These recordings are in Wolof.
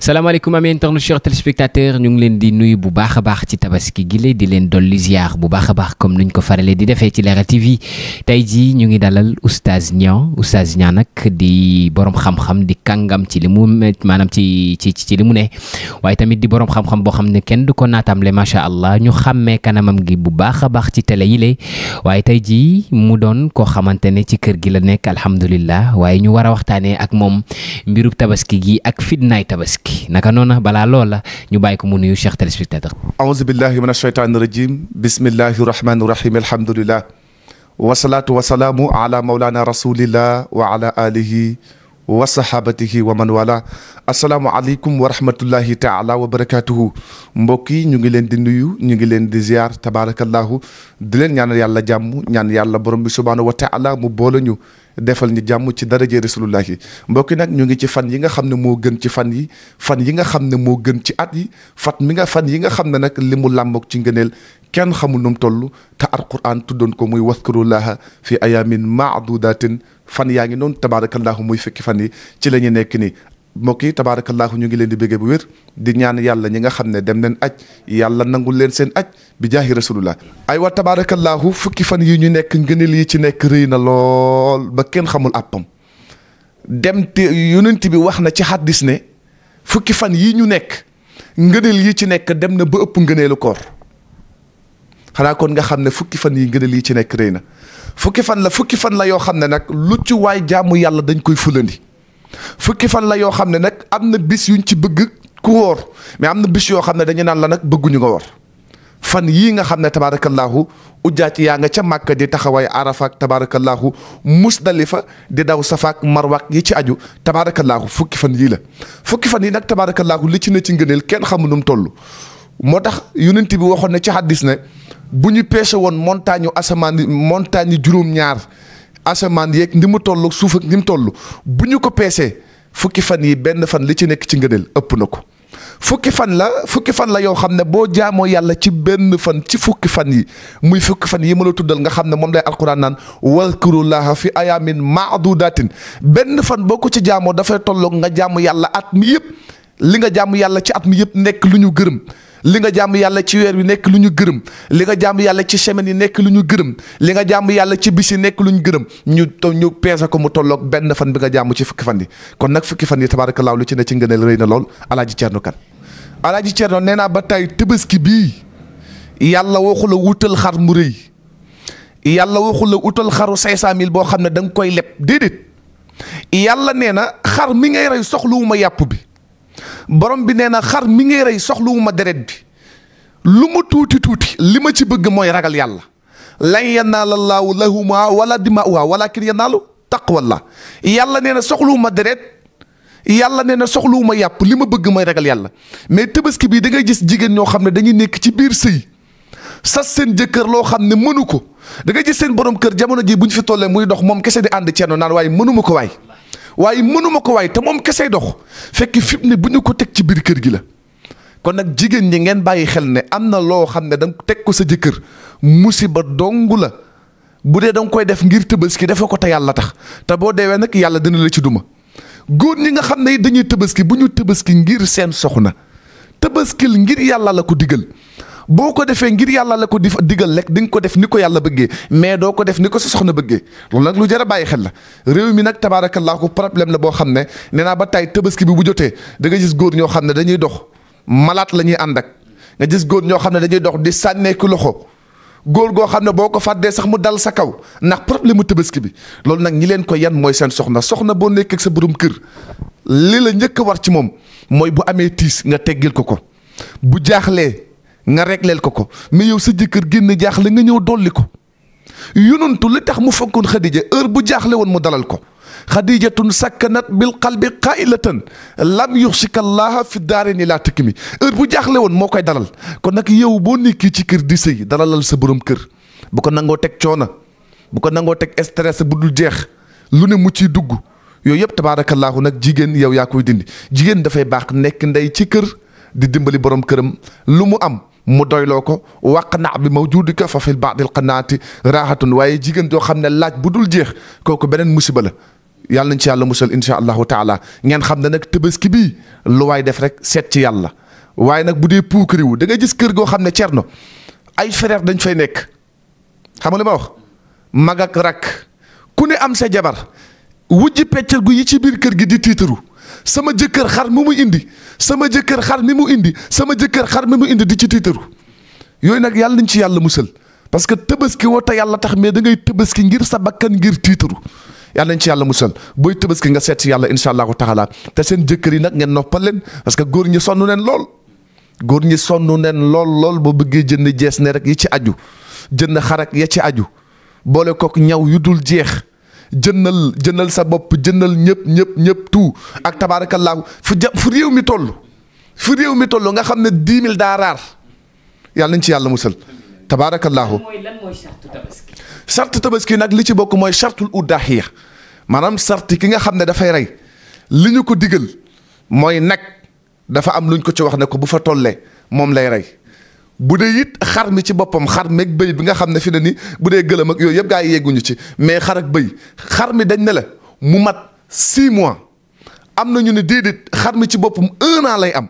salaamaaleykum amee internet chers téléspectateurs ñu ngi leen di nuyu bu baax a baax ci tabaski gile di leen doon ziar bu baax a baax comme nuñ ko faralee di defee ci Leral TV tey jii ñu ngi dalal oustaz Niang oustaz nag di borom xam-xam di kàngam ci li mu maanaam ci ci ci li mu ne waaye tamit di borom xam-xam boo xam ne kenn du ko naataamle macha allah ñu xàmmee kanamam gi bu baax a baax ci télé yile waaye tey jii mu doon koo xamante ne ci kër gi la nekk alhamdulillah waaye ñu war a waxtaanee ak moom mbirub tabaski gi ak fitnaay tabaski. tukki naka noona balaa loola ñu bàyyi ko mu nuyu cheikh téléspectateur aouzu billahi min ashaytaani rajim bismillahi rahmani rahim alhamdulillah wasalaatu wasalaamu ala maulana rasulillah wa ala alihi wa sahabatihi wa man wala asalaamualeykum wa rahmatullahi taala wa barakatuhu mbokk yi ñu ngi leen di nuyu ñu ngi leen di ziar tabaarakallahu di leen ñaanal yàlla jàmm ñaan yàlla borom bi subhaanahu wa taala mu boole ñu defal ni jàmm ci daraje rasulullahi mbokki nag ñu ngi ci fan yi nga xam ne moo gën ci fan yi fan yi nga xam ne moo gën ci at yi fat mi nga fan yi nga xam ne nag li mu làmboog ci ngëneel kenn xamul nu mu toll te alquran tuddoon ko muy waskarullaha fi ayamin maadudatin fan yaa ngi noonu tabaarakallahu muy fekki fan yi ci la ñu nekk nii mbokk yi tabaarakallaahu ñu ngi leen di béggee bu wér di ñaan yàlla ñi nga xam ne dem neen aj yàlla nangu leen seen aj bi jaahi rasulullah ay wa tabaarakallaahu fukki fan yi ñu nekk ngëneel yi ci nekk rëy na lool ba kenn xamul àppam dem te bi wax na ci xaddis ne fukki fan yi ñu nekk ngëneel yi ci nekk dem na ba ëpp ngëneelu koor xanaa kon nga xam ne fukki fan yi ngëneel yi ci nekk rëy na fukki fan la fukki fan la yoo xam ne nag lu ci waay jaamu yàlla dañ koy fulandi fukki fan la yoo xam ne nag am na bis yuñ ci bëgg ku wóor mais am na bis yoo xam ne dañu naan la nag bëgguñu nga wóor fan yii nga xam ne tabaarakallaahu ujjaat yaa nga ca màkk di taxawaay arafaak tabaarakallaahu musdalifa di daw safaak marwaak yi ci aju tabaarakallaahu fukki fan yii la fukki fan yi nag tabaarakallaahu li ci ne ci ngëneel kenn xamu nu mu toll moo tax yu yonent bi waxoon ne ci xaddis ne bu ñu peese woon montagne asamaan montagne juróom-ñaar asamaan yeeg ni mu toll suuf ak ni mu toll bu ñu ko peesee fukki fan yi benn fan li ci nekk ci ngëneel ëpp na ko fukki fan la fukki fan la yow xam ne boo jaamoo yàlla ci benn fan ci fukki fan yi muy fukki fan yi ma la tuddal nga xam ne moom lay alquran naan wazkurullaha fi ayamin maadudatin benn fan boo ko ci jaamoo dafay tolloog nga jaamu yàlla at mi yëpp li nga jaamu yàlla ci at mi yëpp nekk lu ñu gërëm li nga jàmm yàlla ci weer wi nekk lu ñu gërëm li nga jàmm yàlla ci semaine yi nekk lu ñu gërëm li nga jàmm yàlla ci bis yi nekk lu ñu gërëm ñu to ñu peese ko mu tolloog benn fan bi nga jàmm ci fukki fan yi kon nag fukki fan yi tabaarakallaahu lu ci ne ci ngëneel rëy na lool alaaji Cerno Kan alaaji Cerno nee naa ba tey tëbaski bii yàlla waxu la wutal xar mu rëy yàlla waxu la wutal xaru cinq cent mille boo xam ne da nga koy leb déedéet yàlla nee na xar mi ngay rey soxluwuma yàpp bi borom bi nee na xar mi ngay rey soxluwu ma deret bi lu ma tuuti tuuti li ma ci bëgg mooy ragal yàlla lan yanaala llaahu lahuma wala dimauha walakin yanaalu taqwallah yàlla nee na soxluwu ma deret yàlla nee na soxluwu ma yàpp li ma bëgg mooy ragal yàlla mais tabaski bii da ngay gis jigéen ñoo xam ne dañuy nekk ci biir sëy sas seen jëkkër loo xam ne mënu ko da ngay gis seen borom kër jamono ji bu ñu fi tollee muy dox moom kese di ànd ceeno naan waaye mënuma ko waaye mënuma ko waaye te moom kesey dox fekk fi mu ne bu ñu ko teg ci biir kër gi la kon nag jigéen ñi ngeen bàyyi xel ne am na loo xam ne da nga teg ko sa jëkkër musiba dongu la bu dee da koy def ngir tëbaski defe ko te yàlla tax te boo deewee nag yàlla dina la ci duma góor ñi nga xam ne dañuy tëbaski bu ñu tëbëski ngir seen soxna tëbaskil ngir yàlla la ko digal boo ko defee ngir yàlla la ko di digal rek di nga ko def ni ko yàlla bëggee mais doo ko def ni ko sa soxna bëggee loolu nag lu jar bàyyi xel la réew mi nag tabaarakallaa ko problème la boo xam ne nee naa ba tay tabaski bi bu jotee da nga gis góor ñoo xam ne dañuy dox malaat la ñuy ànd ak nga gis góor ñoo xam ne dañuy dox di sànnee sànneeku loxo góor goo xam ne boo ko fàddee sax mu dal sa kaw ndax problème mu tabaski bi loolu nag ñi leen ko yan mooy seen soxna soxna boo nekk sa borom kër li la njëkk a war ci moom mooy bu amee tiis nga teggil ko ko nga régleel ko ko mais yow sa jëkkër génn jaaxle nga ñëw dolli ko yonantu li tax mu fonkoon xadija heure bu jaaxle woon mu dalal ko xadijatun sakkanat bil qalbi qailatan lam yuxsika allaha fi daare ni laa tëkk mi heure bu jaaxle woon moo koy dalal kon nag yow boo nekkee ci kër di sëy dalalal sa borom kër bu ko nangoo teg coona bu ko nangoo teg stress bu dul jeex lu ne mu ciy dugg yooyu yëpp tabaarakallaahu nag jigéen yow yaa koy dindi jigéen dafay baax nekk ndey ci kër di dimbali borom këram lu mu am mu doyloo ko waq na bi mawjudika fa fil baadil qanaati raaxatun waaye jigéen joo xam ne laaj bu dul jeex kooku beneen musiba la yàlla nañ ci yàlla musal incha allahu taala ngeen xam ne nag tabaski bii lu waay def rek seet ci yàlla waaye nag bu dee puukariwu da nga gis kër goo xam ne cerno ay frère dañ fay nekk xam nga li ma wax magak rakk ku ne am sa jabar wujji peccar gu yi ci biir kër gi di tiitaru sama jëkkër xar mi mu indi sama jëkkër xar mi mu indi sama jëkkër xar mi mu indi di ci tiitaru yooyu nag yàlla nañ ci yàlla musal parce que tëbaski woo te yàlla tax mais da ngay ki ngir sa bakkan ngir tiitaru yàlla nañ ci yàlla musal booy ki nga seet yàlla incha allahu taala te seen jëkkër yi nag ngeen noppal leen parce que góor ñi sonn neen lool. góor ñi sonn nen lool lool boo bëggee jënd jees ne rek yi ci aju jënd xarak ya ci aju boole kook ñaw yu dul jeex jëndal jëndal sa bopp jëndal ñëpp ñëpp ñëpp tout ak tabaarakallaahu fu ja fu réew mi toll fu réew mi toll nga xam ne dix mille daa raar yàlla nañ ci yàlla musal tabaarakallaahu charte tabaski nag li ci bokk mooy chartul uddahiya maanaam sarti ki nga xam ne dafay rey li ñu ko diggal mooy nag dafa am luñ ko ci wax ne ko bu fa tollee moom lay rey bu dee it xar mi ci boppam xar meeg bëy bi nga xam ne fi ne ni bu dee gëlëm ak yooyu yëpp gaa yi yegguñu ci mais xar ak bëy xar mi dañ ne la mu mat six mois am na ñu ne déedéet xar mi ci boppam un lay am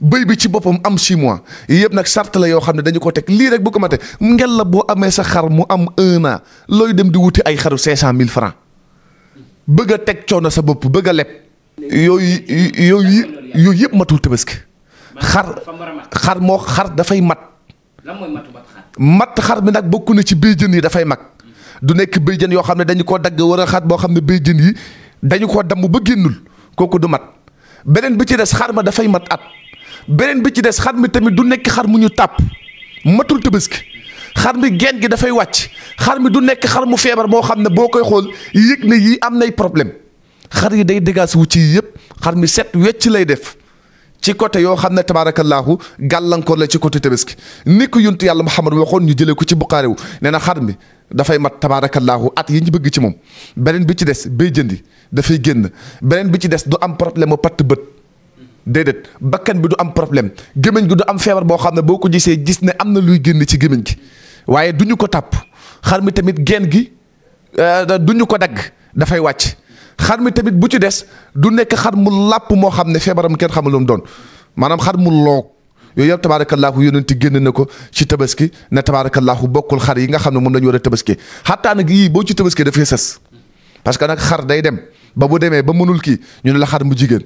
bëy bi ci boppam am six mois yëpp nag sart la yoo xam ne dañu ko teg lii rek bu ko matee ngel la boo amee sa xar mu am un an looy dem di wuti ay xaru cinq cent mille francs bëgg a teg coono sa bopp bëgg a leb. yooyu yooyu yooyu yëpp matul tabaski xar xar moo xar dafay mat. matt xar bi nag bokk na ci béjjën yi dafay mag du nekk béjjën yoo xam ne dañu koo dagg war a xar boo xam ne béjjën yi dañu koo damm ba génnul kooku du mat beneen bi ci des xar ma dafay mat at beneen bi ci des xar mi tamit du nekk xar mu ñu tàpp matul tabaski xar mi geen gi dafay wàcc xar mi du nekk xar mu feebar moo xam ne boo koy xool yëg ne yii am nay problème xar yi day dégâts wu ci yëpp xar mi set wecc lay def ci côté yoo xam ne tabaarakallaahu gàllankoor la ci côté tabaski ni ko yuntu yàlla Muhammad waxoon ñu jëlee ko ci Buxaari wu nee na xar mi dafay mat tabaarakallaahu at yi ñu bëgg ci moom beneen bi ci des bay jëndi dafay génn beneen bi ci des du am problème mu patt bët déedéet bakkan bi du am problème gémmiñ gi du am feebar boo xam ne boo ko gisee gis ne am na luy génn ci gémmiñ gi waaye du ñu ko tàpp xar mi tamit geen gi euh, du ñu ko dagg dafay wàcc xar mi tamit bu ci des du nekk xar mu làpp moo xam ne feebaram kenn xamul lu mu doon maanaam xar mu loog yooyu yëpp tabaarakallaahu yonent génn na ko ci tabaski ne tabaarakallaahu bokkul xar yi nga xam ne mun la war a tabaski xattaa nag yii boo ci tabaski dafay sës parce que nag xar day dem ba bu demee ba mënul kii ñu ne la xar mu jigéen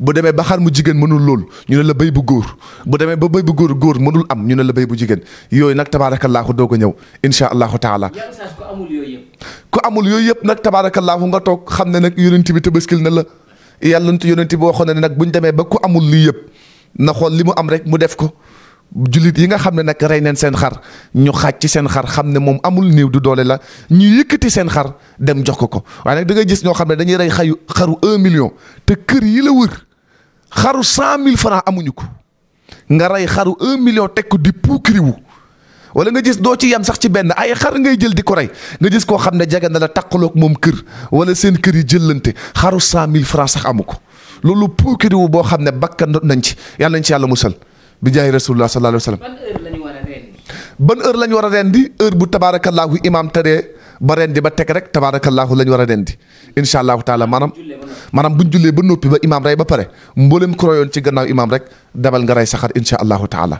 bu demee ba xar mu jigéen mënul lool ñu ne la bay bu góor bu demee ba bay bu góor góor mënul am ñu ne la bay bu jigéen yooyu nag tabaarakallaahu doog a ñëw incha allahu taalaa ku amul yooyu yëpp. nag amul yooyu yëpp nga toog xam ne nag yonent bi tëbaskil na la yàlla yonent bi waxoon na ne nag bu ñu demee ba ku amul lii yëpp na xool li mu am rek mu def ko. jullit yi nga xam ne nag rey neen seen xar ñu xaaj ci seen xar xam ne moom amul néew du doole la ñu yëkkati seen xar dem jox ko ko waaye nag da ngay gis ñoo xam ne dañuy rey xayu xaru un million te kër yi la wër xaru cent mille francs amuñu ko nga rey xaru un million teg ko di puukiriwu wala nga gis doo ci yam sax ci benn ay xar ngay jël di ko rey nga gis koo xam ne jege na la taqaloog moom kër wala seen kër yi jëlante xaru cent mille francs sax amu ko loolu puukiriwu boo xam ne bakkan nañ ci yàlla nañ ci yàlla musal bi jaay rasulullah sallallahu alayhi wa ban heure la ñu war a rendi. ban heure la ñu war a rendi heure bu tabaarakallaahu imaam teree ba rendi ba teg rek tabaarakallaahu la ñu war a rendi incha allahu taala maanaam. maanaam bu jullee ba noppi ba imaam rey ba pare mboolem kuréeloon ci gannaaw imaam rek dabal nga rey saxar incha allahu taala.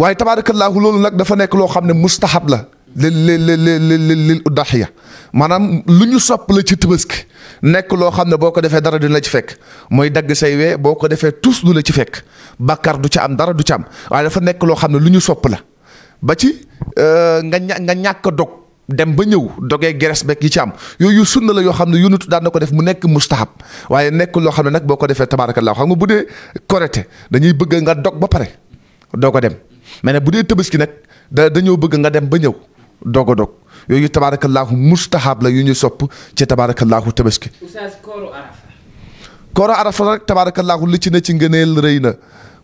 waaye tabaarakallaahu loolu nag dafa nekk loo xam ne mustahab la. lil lil lil lil ya maanaam lu ñu sopp la ci tabaski nekk loo xam ne boo ko defee dara du la ci fekk mooy dagg say we boo ko defee tous du la ci fekk bakkar du ca am dara du ca am waaye dafa nekk loo xam ne lu ñu sopp la ba ci euh, nga ña nga ñàkk dog dem ba ñëw dogee geres beeg yi ci am yooyu sunna la yoo xam ne yonatu daan na ko def mu nekk mustahab waaye nekk loo xam ne nag boo ko defee tabaarakallaa xam nga bu dee korite dañuy bëgg nga dog ba pare doo ko dem mais bu dee tabaski nag da dañoo bëgg nga dem ba ñëw. dog a dog yooyu tabaarakallaahu mustahab la yu ñu sopp ci tabaarakallaahu tabaski. oustaz kooru arafa. kooru arafa rek tabaarakallaahu li ci ne ci ngëneel rëy na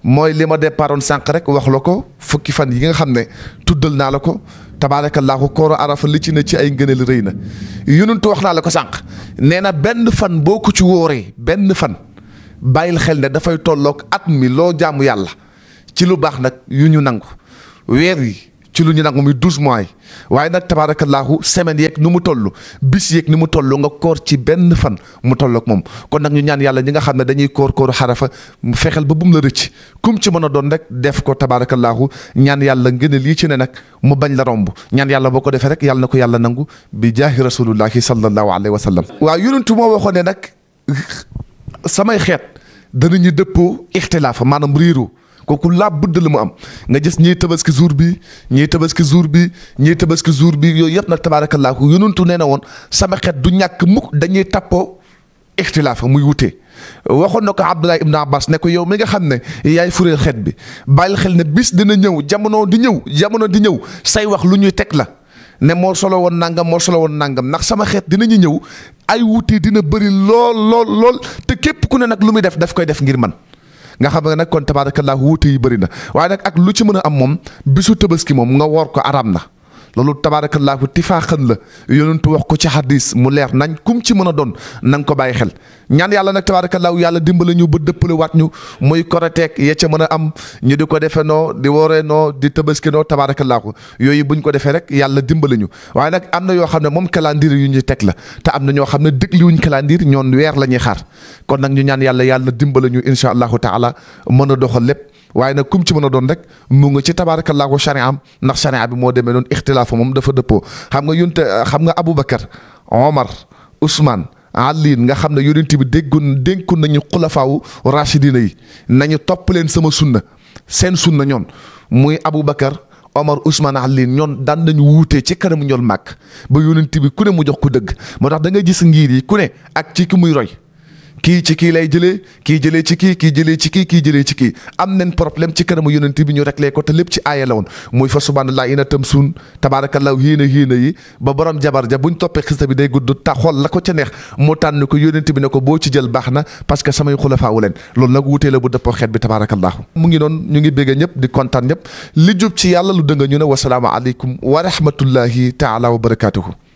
mooy li ma départoon sànq rek wax la ko fukki fan yi nga xam ne tuddal naa la ko tabaarakallaahu kooru arafa li ci ne ci ay ngëneel rëy na yununtu wax naa ko sànq nee na benn fan boo ko ci wóoree benn fan bàyyil xel ne dafay tollook at mi loo jaamu yàlla ci lu baax nag yu ñu nangu weer yi. ci lu ñu nag muy douze mois yi waaye nag tabaarakallaahu semaine yeek ni mu toll bis yeek ni mu toll nga koor ci benn fan mu toll ak moom kon nag ñu ñaan yàlla ñi nga xam ne dañuy koor kooru xarafa mu fexeel ba bum la rëcc kum ci mën a doon rek def ko tabaarakallaahu ñaan yàlla ngeen lii ci ne nag mu bañ la romb ñaan yàlla boo ko defee rek yàlla na ko yàlla nangu bi jaahi rasulullahi sallallahu alayhi wa sallam. waaw yonentu moo waxoon ne nag samay xeet danañu dëppoo ixtilaafa maanaam riiru kooku laab bëdd la mu am nga gis ñiy tabaski jour bi ñiy tabaski jour bi ñiy tabaski jour bi yooyu yëpp nag tabaarakallaa ko yonentu nee na woon sama xet du ñàkk mukk dañuy tappoo ixtilaaf muy wutee waxoon na ko Abdullah ibn Abbas ne ko yow mi nga xam ne yaay furéel xet bi bàyyil xel ne bis dina ñëw jamono di ñëw jamono di ñëw say wax lu ñuy teg la ne moo solo woon nangam moo solo woon nangam ndax sama xeet dinañu ñëw ay wuute dina bëri lool lool lool te képp ku ne nag lu muy def daf koy def ngir man nga xam ne nag kon tabaarakallah wuute yi bëri na waaye nag ak lu ci mën a am moom bisu tabaski moom nga woor ko araam na loolu tabaarakallaahu tifaaxan la tu wax ko ci hadis mu leer nañ kum ci mën a doon na ko bàyyi xel ñaan yàlla nag tabaarakallaahu yàlla dimbale ñu ba dëppale waat ñu muy koroteek ya ca mën a am ñu di ko defee noo di wooree noo di tëbaski noo tabaarakallaahu yooyu buñ ko defee rek yàlla dimbale ñu waaye nag am na yoo xam ne moom kalaandiir yu ñu teg la te am na ñoo xam ne dégluwuñ calendrier ñoon weer la ñuy xaar kon nag ñu ñaan yàlla yàlla dimbale ñu incha allahu taala mën a doxal lépp waaye nag kum ci mën a doon rek mu nga ci tabaarakallaa ko charia am ndax charia bi moo demee noonu ixtilaafu moom dafa dëppoo xam nga yunte xam nga Aboubacar Omar Ousmane Aliin nga xam ne yonent bi déggoon dénkoon nañu xulafaawu rachidina yi nañu topp leen sama sunna seen sunna ñoon muy Aboubacar Omar Ousmane Aliin ñoon daan nañu wuutee ci kanamu ñool màkk ba yonent bi ku ne mu jox ko dëgg moo tax da nga gis ngiir yi ku ne ak ci ki muy roy kii ci kii lay jëlee kii jëlee ci kii kii jëlee ci kii kii jëlee ci kii am nañ problème ci kanamu yonent bi ñu réglé ko te lépp ci aaya la woon muy fa subhanallah ina tam suun tabaarakallahu hiina hiina yi ba borom jabar ja buñ toppee xista bi day gudd ta la ko ca neex mu tànn ko yonent bi ne ko boo ci jël baax na parce que samay xulafaa wu leen loolu nag wutee la bu dëppoo xeet bi tabaarakallahu mu ngi noonu ñu ngi bégg ñëpp di kontaan ñëpp li jub ci yàlla lu dënga ñu ne wasalaamu aleykum wa rahmatullahi taala wa barakatuhu